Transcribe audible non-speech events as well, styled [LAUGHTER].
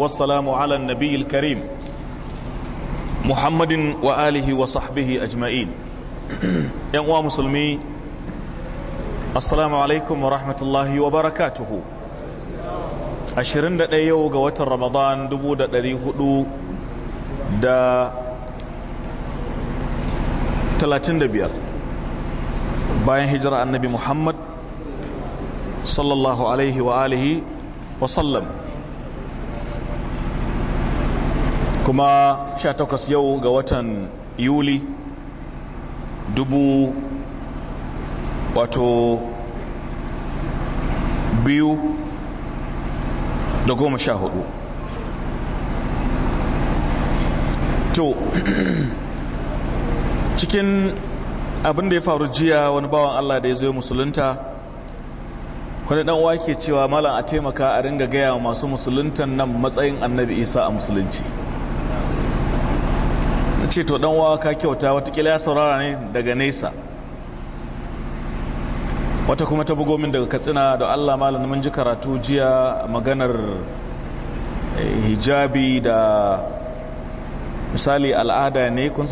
والسلام على النبي الكريم محمد وآله وصحبه أجمعين يا مسلمي السلام عليكم ورحمة الله وبركاته ashirin da ɗaya yau ga watan ramadan dubu da ɗari hudu da talatin da biyar bayan hijira annabi muhammad sallallahu alaihi wa wa kuma 18 yau ga watan yuli dubu wato biyu da goma sha hudu to [CLEARS THROAT] cikin abin da ya faru jiya wani bawan allah da ya zo musulunta wani dan ke cewa malam a taimaka a ringa gaya masu musuluntan nan matsayin annabi isa a musulunci ce to dan wawa ka kyauta watakila ya saurara ne daga nesa wata kuma ta bugo min daga katsina da allah malam mun ji karatu jiya maganar eh, hijabi da misali al'ada ne kun